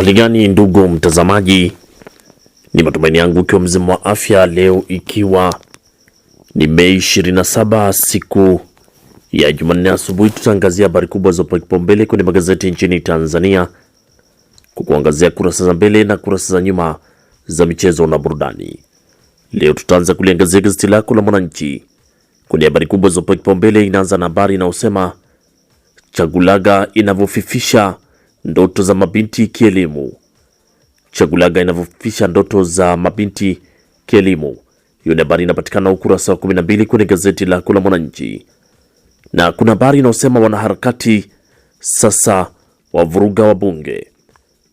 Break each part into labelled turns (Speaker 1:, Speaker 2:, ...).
Speaker 1: Waligani ndugu mtazamaji, ni matumaini yangu ukiwa mzima wa afya leo, ikiwa ni Mei 27 siku ya Jumanne asubuhi, tutaangazia habari kubwa zopa kipaumbele kwenye magazeti nchini Tanzania kwa kuangazia kurasa za mbele na kurasa za nyuma za michezo na burudani. Leo tutaanza kuliangazia gazeti lako la Mwananchi kwenye habari kubwa zopa kipaumbele. Inaanza na habari inayosema Chagulaga inavyofifisha ndoto za mabinti kielimu. Chagulaga inavyofisha ndoto za mabinti kielimu. Hiyo ni habari inapatikana ukurasa wa 12 kwenye gazeti la la Mwananchi, na kuna habari inayosema wanaharakati sasa wavuruga bunge,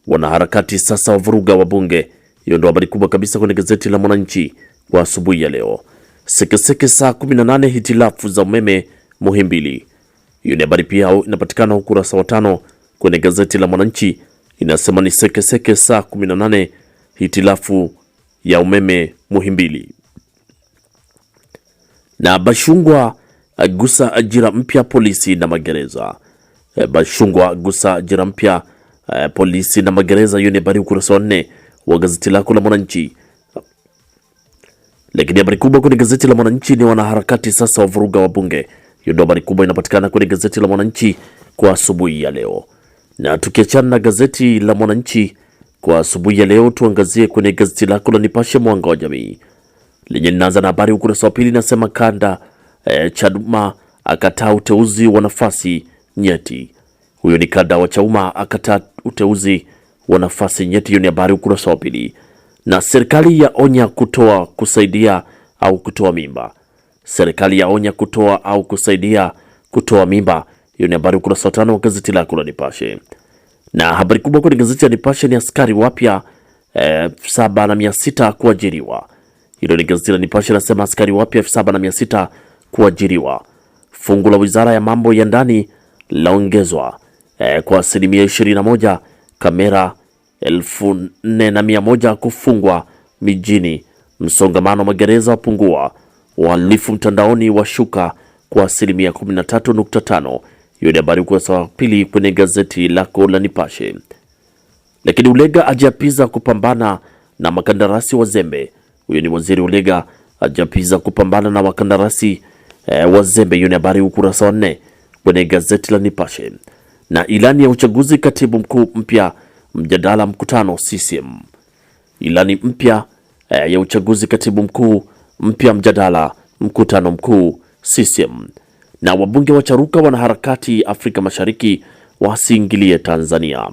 Speaker 1: Wanaharakati sasa wavuruga bunge. Hiyo ndio habari kubwa kabisa kwenye gazeti la Mwananchi kwa asubuhi ya leo. Sekeseke saa 18, hitilafu za umeme Muhimbili. Hiyo ni habari pia inapatikana ukurasa wa tano kwenye gazeti la Mwananchi inasema ni sekeseke saa 18 hitilafu ya umeme Muhimbili. Na Bashungwa agusa ajira mpya polisi na magereza. E, Bashungwa agusa ajira mpya e, polisi na magereza. Hiyo ni habari ukurasa wa nne wa gazeti lako la Mwananchi. Lakini habari kubwa kwenye gazeti la Mwananchi ni wanaharakati sasa wavuruga wabunge. Hiyo ndio habari kubwa inapatikana kwenye gazeti la Mwananchi kwa asubuhi ya leo. Na tukiachana na gazeti la Mwananchi kwa asubuhi ya leo, tuangazie kwenye gazeti lako la Nipashe Mwanga wa Jamii lenye linaanza na habari ukurasa wa pili, inasema kanda e, eh, Chaduma akataa uteuzi wa nafasi nyeti. Huyo ni kanda wa Chauma akataa uteuzi wa nafasi nyeti, hiyo ni habari ukurasa wa pili. Na serikali yaonya kutoa kusaidia au kutoa mimba, serikali yaonya kutoa au kusaidia kutoa mimba hiyo ni habari ukurasa wa tano wa gazeti lako la Nipashe, na habari kubwa kwenye gazeti la Nipashe ni askari wapya eh, elfu saba na mia sita kuajiriwa. Hilo ni gazeti la Nipashe nasema askari wapya elfu saba na mia sita kuajiriwa. Fungu la wizara ya mambo ya ndani laongezwa e, kwa asilimia 21. Kamera moja kufungwa mijini. Msongamano magereza wapungua. Uhalifu mtandaoni washuka kwa asilimia 13.5. Hiyo ni habari ukurasa wa pili kwenye gazeti lako la Nipashe. Lakini Ulega ajapiza kupambana na makandarasi wa zembe Huyo ni waziri Ulega ajapiza kupambana na wakandarasi e, eh, wazembe. Hiyo ni habari ukurasa wa nne kwenye gazeti la Nipashe. Na ilani ya uchaguzi katibu mkuu mpya mjadala mkutano CCM. Ilani mpya e, ya uchaguzi katibu mkuu mpya mjadala mkutano mkuu CCM na wabunge wacharuka wanaharakati Afrika Mashariki wasiingilie Tanzania.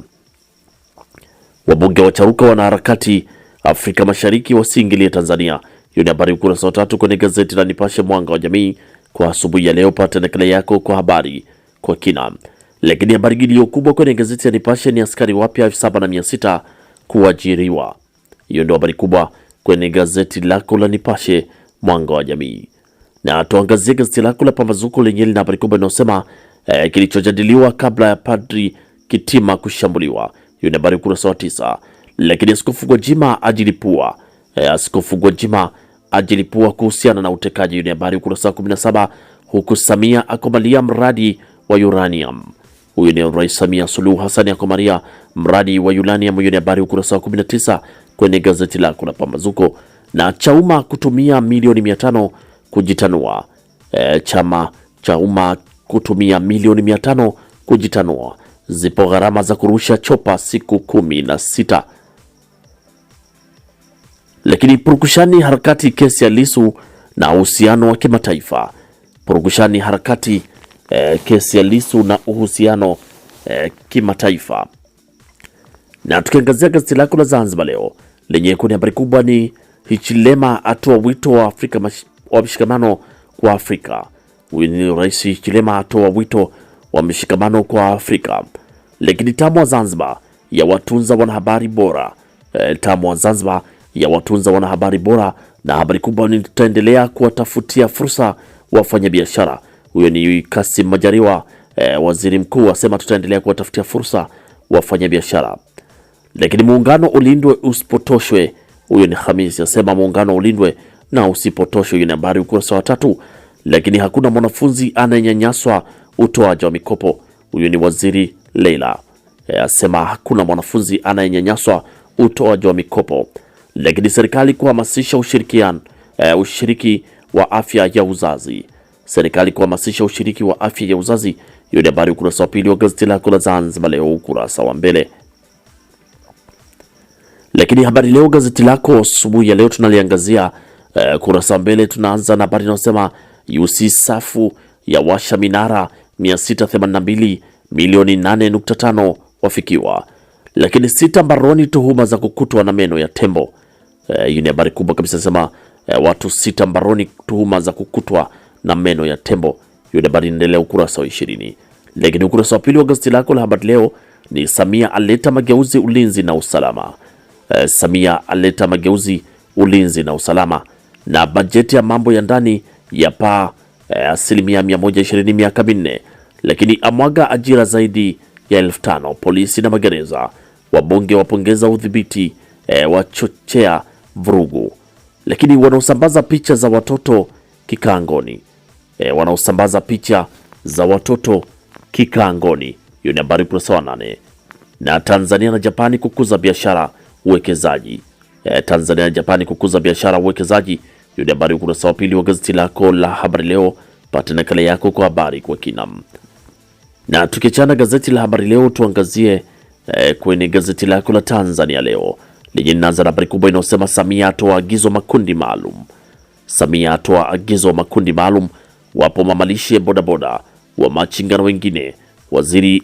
Speaker 1: Wabunge wacharuka wanaharakati Afrika Mashariki wasiingilie Tanzania. Hiyo ni habari ukurasa wa tatu kwenye gazeti la Nipashe mwanga wa jamii kwa asubuhi ya leo. Pata nakala yako kwa habari kwa kina. Lakini habari iliyo kubwa kwenye gazeti ya Nipashe ni askari wapya 7600 kuajiriwa. Hiyo ndio habari kubwa kwenye gazeti lako la Nipashe mwanga wa jamii. Na tuangazie gazeti lako la Pambazuko lenyewe lina habari kubwa inayosema eh, kilichojadiliwa kabla ya Padri Kitima kushambuliwa. Hiyo ni habari ukurasa wa tisa. Lakini Askofu Gwajima ajilipua eh, Askofu Gwajima ajilipua kuhusiana na utekaji. Hiyo ni habari ukurasa wa 17, huku Samia akomalia mradi wa uranium. Huyu ni Rais Samia Suluhu Hassan akomalia mradi wa uranium. Hiyo ni habari ukurasa wa 19 kwenye gazeti lako la Pambazuko. Na Chauma kutumia milioni 500 kujitanua. E, chama cha umma kutumia milioni mia tano kujitanua. Zipo gharama za kurusha chopa siku kumi na sita. Lakini purukushani harakati kesi ya Lisu na uhusiano wa kimataifa. Purukushani harakati e, kesi ya Lisu na uhusiano e, kimataifa. Na tukiangazia gazeti lako la Zanzibar leo lenye kuni habari kubwa ni Hichilema atoa wito wa Afrika mash wa mshikamano kwa Afrika. Huyu ni Rais Chilema atoa wito wa mshikamano kwa Afrika. Lakini tamu wa Zanzibar ya watunza wanahabari bora. E, eh, tamu wa Zanzibar ya watunza wanahabari bora, na habari kubwa ni tutaendelea kuwatafutia fursa wafanyabiashara. Huyo ni Kasim Majariwa e, waziri mkuu asema tutaendelea kuwatafutia fursa wafanyabiashara. Lakini muungano ulindwe usipotoshwe. Huyo ni Hamisi asema muungano ulindwe na usipotoshwe. Hiyo ni habari ukurasa wa tatu. Lakini hakuna mwanafunzi anayenyanyaswa utoaji wa mikopo. Huyu ni waziri Leila eh, asema hakuna mwanafunzi anayenyanyaswa utoaji wa mikopo. Lakini serikali kuhamasisha ushirikiano e, eh, ushiriki wa afya ya uzazi. Serikali kuhamasisha ushiriki wa afya ya uzazi. Hiyo ni habari ukurasa wa pili wa gazeti lako la Zanzibar Leo, ukurasa wa mbele. Lakini habari leo gazeti lako asubuhi ya leo tunaliangazia Uh, kurasa mbele tunaanza na habari inayosema UC safu ya washa minara 682 milioni 8.5 wafikiwa, lakini sita mbaroni tuhuma za kukutwa na meno ya tembo. Eh, Hiyo uh, ni habari kubwa kabisa sema uh, eh, watu sita mbaroni tuhuma za kukutwa na meno ya tembo. Hiyo ni habari inaendelea ukurasa wa 20, lakini ukurasa wa pili wa gazeti lako la habari leo ni Samia aleta mageuzi ulinzi na usalama. Uh, Samia aleta mageuzi ulinzi na usalama na bajeti ya mambo ya ndani ya paa eh, asilimia ishirini miaka minne, lakini amwaga ajira zaidi ya elfu tano polisi na magereza. Wabunge wapongeza udhibiti eh, wachochea vurugu, lakini wanaosambaza picha za watoto kikaangoni eh, wanaosambaza picha za watoto kikaangoni. Hiyo ni habari kurasa wa nane. Na Tanzania na Japani kukuza biashara uwekezaji. Eh, Tanzania na Japani kukuza biashara uwekezaji hiyo ni habari ukurasa wa pili wa gazeti lako la habari leo. Pata nakala yako kwa habari kwa kina. Na tukiachana gazeti la habari leo, tuangazie eh, kwenye gazeti lako la Tanzania leo lenye linaanza na habari kubwa inayosema Samia atoa agizo makundi maalum. Samia atoa agizo makundi maalum, wapo mamalishe bodaboda wa machinga na wengine. Waziri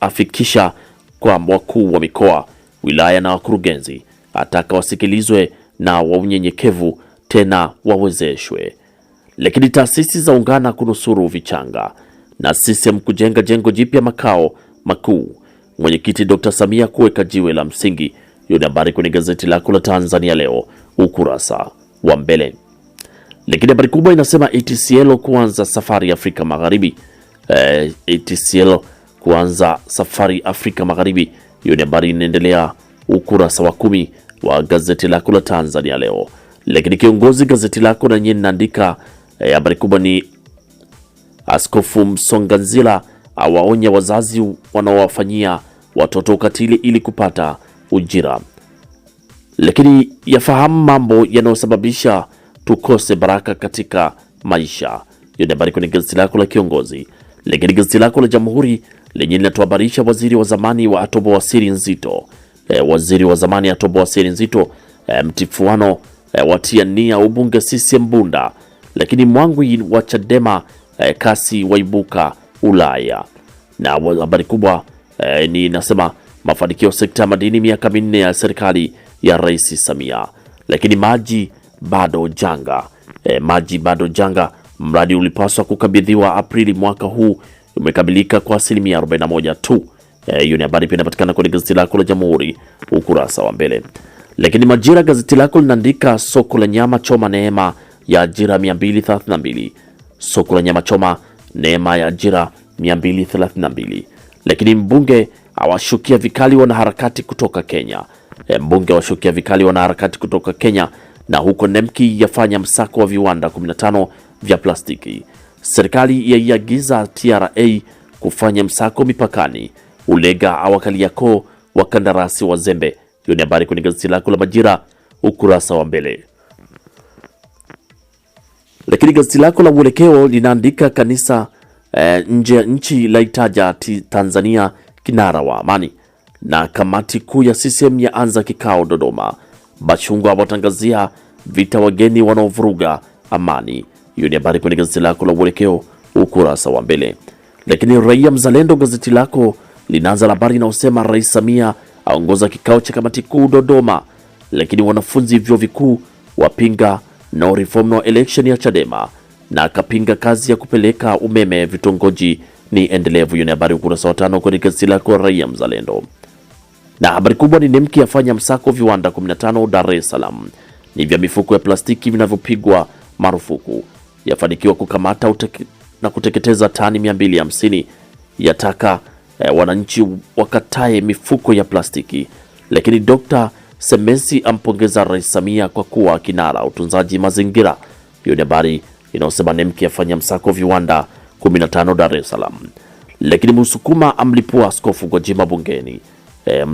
Speaker 1: afikisha kwa wakuu wa mikoa, wilaya na wakurugenzi, ataka wasikilizwe na wa unyenyekevu tena wawezeshwe. Lakini taasisi zaungana kunusuru vichanga na CCM kujenga jengo jipya makao makuu, mwenyekiti Dr. Samia kuweka jiwe la msingi. Hiyo ni habari kwenye gazeti lako la Tanzania Leo ukurasa wa mbele. Lakini habari kubwa inasema ATCL e kuanza safari Afrika Magharibi. Eh, e, ATCL kuanza safari Afrika Magharibi. Hiyo ni habari inaendelea ukurasa wa kumi wa gazeti lako la Tanzania Leo. Lakini kiongozi, gazeti lako na nyinyi naandika eh, habari e, kubwa ni Askofu Msonganzila awaonya wazazi wanaowafanyia watoto ukatili ili kupata ujira. Lakini yafahamu mambo yanayosababisha tukose baraka katika maisha. Hiyo ni habari kwenye gazeti lako la Kiongozi. Lakini gazeti lako la Jamhuri lenye linatuhabarisha waziri wa zamani wa atoboa siri nzito. E, waziri wa zamani atoboa siri nzito. E, mtifuano eh, watia nia ubunge CCM Bunda, lakini mwangwi wa Chadema eh, kasi waibuka Ulaya. Na habari kubwa eh, ni nasema mafanikio sekta ya madini miaka minne ya serikali ya Rais Samia, lakini maji bado janga eh, maji bado janga. Mradi ulipaswa kukabidhiwa Aprili mwaka huu umekamilika kwa asilimia 41 tu. Eh, hiyo eh, ni habari pia inapatikana kwenye gazeti lako la Jamhuri ukurasa wa mbele. Lakini Majira gazeti lako linaandika soko la nyama choma neema ya ajira 232, soko la nyama choma neema ya ajira 232. Lakini mbunge awashukia vikali wanaharakati kutoka Kenya. E, mbunge awashukia vikali wanaharakati kutoka Kenya. Na huko Nemki yafanya msako wa viwanda 15 vya plastiki. Serikali yaiagiza TRA kufanya msako mipakani. Ulega awakaliako wakandarasi wazembe. Hiyo ni habari kwenye gazeti lako la Majira ukurasa wa mbele. Lakini gazeti lako la Mwelekeo linaandika kanisa eh, nje ya nchi laitaja Tanzania kinara wa amani, na kamati kuu ya CCM yaanza kikao Dodoma. Bachungwa watangazia vita wageni wanaovuruga amani. Hiyo ni habari kwenye gazeti lako la Uelekeo ukurasa wa mbele. Lakini Raia Mzalendo gazeti lako linaanza habari inayosema Rais Samia aongoza kikao cha kamati kuu Dodoma, lakini wanafunzi vyuo vikuu wapinga no reform no election ya Chadema na akapinga kazi ya kupeleka umeme vitongoji ni endelevu. Hiyo ni habari ukurasa wa tano kwenye gazeti lako Raia Mzalendo, na habari kubwa ni nemki yafanya msako viwanda 15 Dar es Salaam, ni vya mifuko ya plastiki vinavyopigwa marufuku, yafanikiwa kukamata uteke, na kuteketeza tani 250 yataka taka eh, wananchi wakatae mifuko ya plastiki. Lakini Dr. Semesi ampongeza Rais Samia kwa kuwa kinara utunzaji mazingira. Hiyo ni habari inayosema NEMC afanya msako viwanda 15 Dar es Salaam. Lakini Msukuma amlipua askofu Gwajima bungeni. E,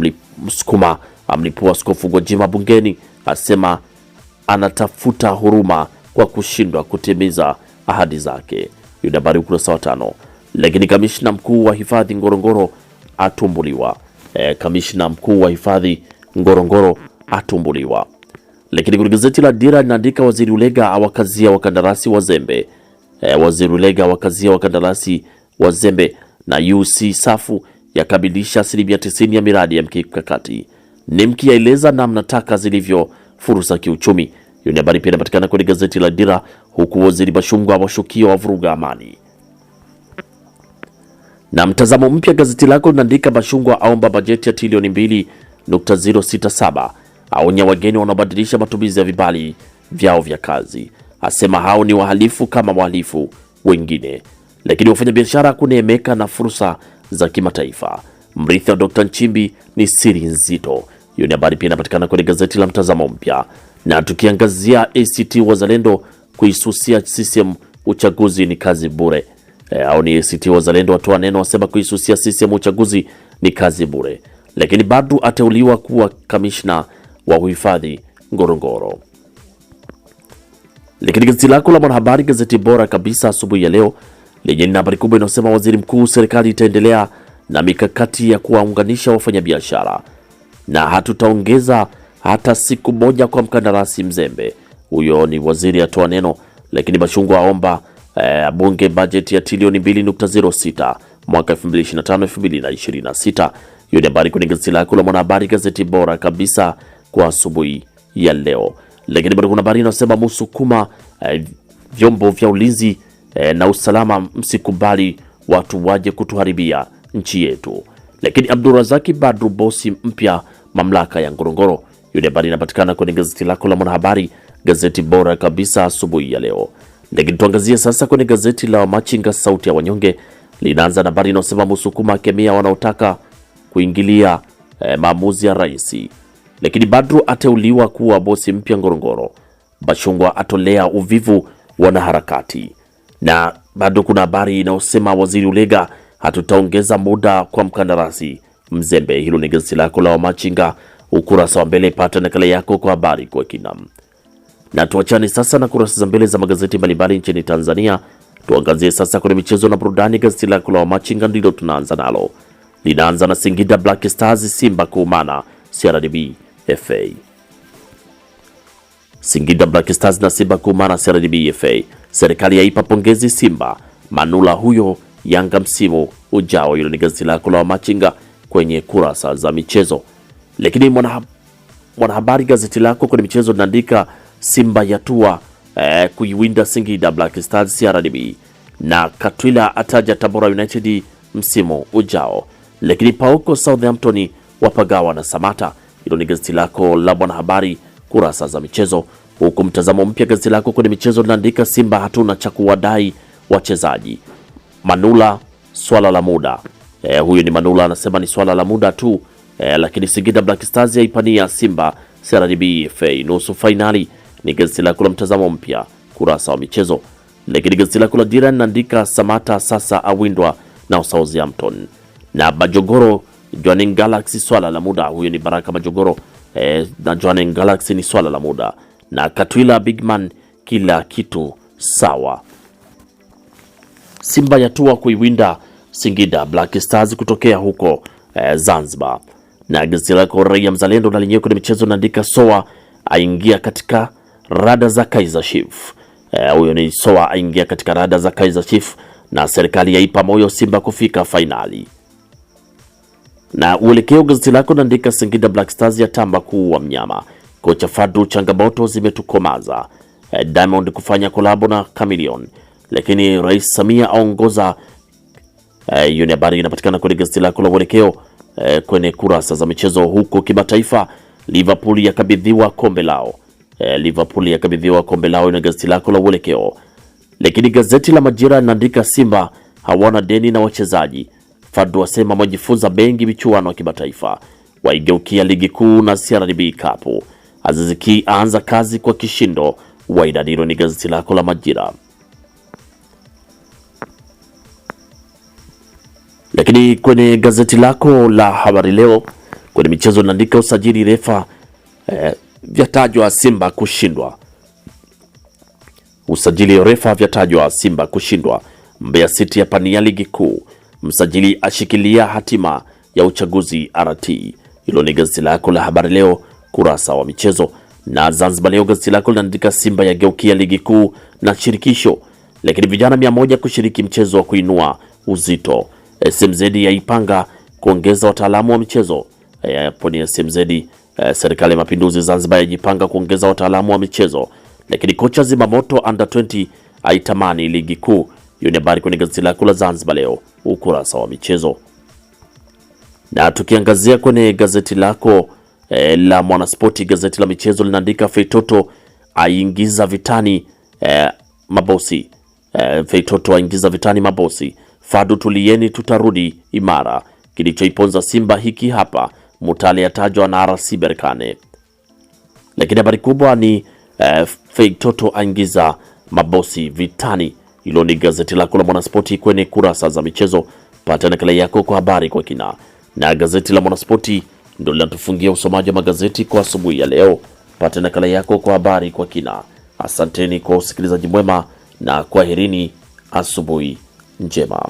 Speaker 1: Msukuma amlipua askofu Gwajima bungeni asema anatafuta huruma kwa kushindwa kutimiza ahadi zake. Hiyo ni habari ukurasa wa tano. Lakini kamishna mkuu wa hifadhi Ngorongoro atumbuliwa. E, kamishna mkuu wa hifadhi Ngorongoro atumbuliwa. Lakini kwenye gazeti la Dira linaandika waziri Ulega awakazia wakandarasi wazembe. E, waziri Ulega awakazia wakandarasi wazembe na UC safu yakabilisha asilimia 90 ya miradi ya mkakati. NIMKI yaeleza namna taka zilivyo fursa kiuchumi. Hiyo ni habari pia inapatikana kwenye gazeti la Dira, huku waziri Bashungwa washukiwa wavuruga amani. Na mtazamo mpya, gazeti lako linaandika mashungwa aomba bajeti ya trilioni 2.067, aonya wageni wanaobadilisha matumizi ya vibali vyao vya kazi, asema hao ni wahalifu kama wahalifu wengine, lakini wafanyabiashara kuneemeka na fursa za kimataifa. Mrithi wa Dr. Nchimbi ni siri nzito. Hiyo ni habari pia inapatikana kwenye gazeti la Mtazamo Mpya, na tukiangazia ACT Wazalendo kuisusia CCM uchaguzi ni kazi bure e, au ni ACT Wazalendo watoa neno, wasema kuisusia CCM uchaguzi ni kazi bure. Lakini Badru ateuliwa kuwa kamishna wa uhifadhi Ngorongoro. Lakini gazeti lako la Mwanahabari, gazeti bora kabisa asubuhi ya leo, lenye lina habari kubwa inayosema waziri mkuu, serikali itaendelea na mikakati ya kuwaunganisha wafanyabiashara na hatutaongeza hata siku moja kwa mkandarasi mzembe. Huyo ni waziri atoa neno, lakini Bashungwa aomba eh, bunge bajeti ya trilioni 2.06 mwaka 2025 2026. Hiyo ni habari kwenye gazeti lako la Mwanahabari, gazeti bora kabisa kwa asubuhi ya leo. Lakini bado kuna habari inasema Musukuma, eh, vyombo vya ulinzi eh, na usalama, msikubali watu waje kutuharibia nchi yetu. Lakini Abdurazaki Badru, bosi mpya mamlaka ya Ngorongoro. Hiyo ni habari inapatikana kwenye gazeti lako la Mwanahabari, gazeti bora kabisa asubuhi ya leo. Lakini tuangazie sasa kwenye gazeti la Machinga sauti ya wanyonge, linaanza na habari inayosema Musukuma akemea wanaotaka kuingilia eh, maamuzi ya rais. Lakini Badru ateuliwa kuwa bosi mpya Ngorongoro. Bashungwa atolea uvivu wanaharakati, na bado kuna habari inayosema waziri Ulega, hatutaongeza muda kwa mkandarasi Mzembe. Hilo ni gazeti lako la Wamachinga ukurasa wa mbele, pata nakala yako kwa habari kwa kinam na tuachane sasa na kurasa za mbele za magazeti mbalimbali nchini Tanzania, tuangazie sasa kwenye michezo na burudani. Gazeti lako la Wamachinga ndilo tunaanza nalo, linaanza na Singida Black Stars Simba kuumana CRDB FA. Singida Black Stars na Simba kuumana CRDB FA. Serikali yaipa pongezi Simba, Manula huyo Yanga msimu ujao. Hilo ni gazeti lako la Wamachinga kwenye kurasa za michezo. Lakini mwanahabari gazeti lako kwenye michezo linaandika Simba yatua eh, kuiwinda Singida Black Stars CRDB, na Katwila ataja Tabora United msimu ujao, lakini pauko Southampton wapagawa na Samata. Hilo ni gazeti lako la mwanahabari kurasa za michezo, huku mtazamo mpya gazeti lako kwenye michezo linaandika Simba hatuna cha kuwadai wachezaji. Manula swala la muda eh, huyu ni Manula anasema ni swala la muda tu eh, lakini Singida Black Stars yaipania Simba CRDB FA nusu fainali ni gazeti lako la Mtazamo Mpya kurasa wa michezo. Lakini gazeti lako la Dira linaandika Samata sasa awindwa na Southampton na Bajogoro Joining Galaxy swala la muda. Huyo ni Baraka Bajogoro eh, na Joining Galaxy ni swala la muda, na Katwila Bigman kila kitu sawa. Simba yatua kuiwinda Singida Black Stars kutokea huko eh, Zanzibar. Na gazeti lako Raia Mzalendo na lenyewe kwenye michezo naandika Soa aingia katika rada za Kaiser Chief. Eh, huyo e, ni Soa aingia katika rada za Kaiser Chief na serikali yaipa moyo Simba kufika fainali. Na uelekeo gazeti lako naandika Singida Black Stars ya tamba kuua mnyama. Kocha Fadu, changamoto zimetukomaza. E, Diamond kufanya kolabo na Chameleon. Lakini Rais Samia aongoza eh, hiyo ni habari inapatikana kwenye gazeti lako la Uelekeo e, kwenye kurasa za michezo. Huko kimataifa, Liverpool yakabidhiwa kombe lao eh, Liverpool yakabidhiwa kombe lao na gazeti lako la Uelekeo. Lakini gazeti la Majira linaandika Simba hawana deni na wachezaji, Fadu wasema wamejifunza mengi michuano ya kimataifa, waigeukia ligi kuu na CRDB Cup. Aziziki aanza kazi kwa kishindo, waidanilo ni gazeti lako la Majira. Lakini kwenye gazeti lako la habari leo kwenye michezo linaandika usajili refa eh, vyatajwa Simba kushindwa. Usajili refa vyatajwa Simba kushindwa. Mbeya City yapania ligi kuu. Msajili ashikilia hatima ya uchaguzi RT. Hilo ni gazeti lako la Habari Leo kurasa wa michezo. Na Zanzibar Leo gazeti lako linaandika Simba yageukia ligi kuu na shirikisho, lakini vijana mia moja kushiriki mchezo wa kuinua uzito. Eh, SMZ yaipanga kuongeza wataalamu wa michezo. Eh, hapo ni SMZ Eh, serikali ya mapinduzi Zanzibar yajipanga kuongeza wataalamu wa michezo, lakini kocha Zimamoto under 20 aitamani ligi kuu. Hiyo ni habari kwenye gazeti lako la Zanzibar leo ukurasa wa michezo. Na tukiangazia kwenye gazeti lako eh, la Mwanaspoti, gazeti la michezo linaandika Feitoto aingiza vitani eh, mabosi eh, Feitoto aingiza vitani mabosi. Fadu, tulieni tutarudi imara. Kilichoiponza Simba hiki hapa. Mutale yatajwa na RC Berkane. Lakini habari kubwa ni eh, Fake Toto aingiza mabosi vitani. Hilo ni gazeti lako la Mwanaspoti kwenye kurasa za michezo. Pata nakala yako kwa habari kwa kina, na gazeti la Mwanaspoti ndio linatufungia usomaji wa magazeti kwa asubuhi ya leo. Pata nakala yako kwa habari kwa kina. Asanteni kwa usikilizaji mwema na kwaherini, asubuhi njema.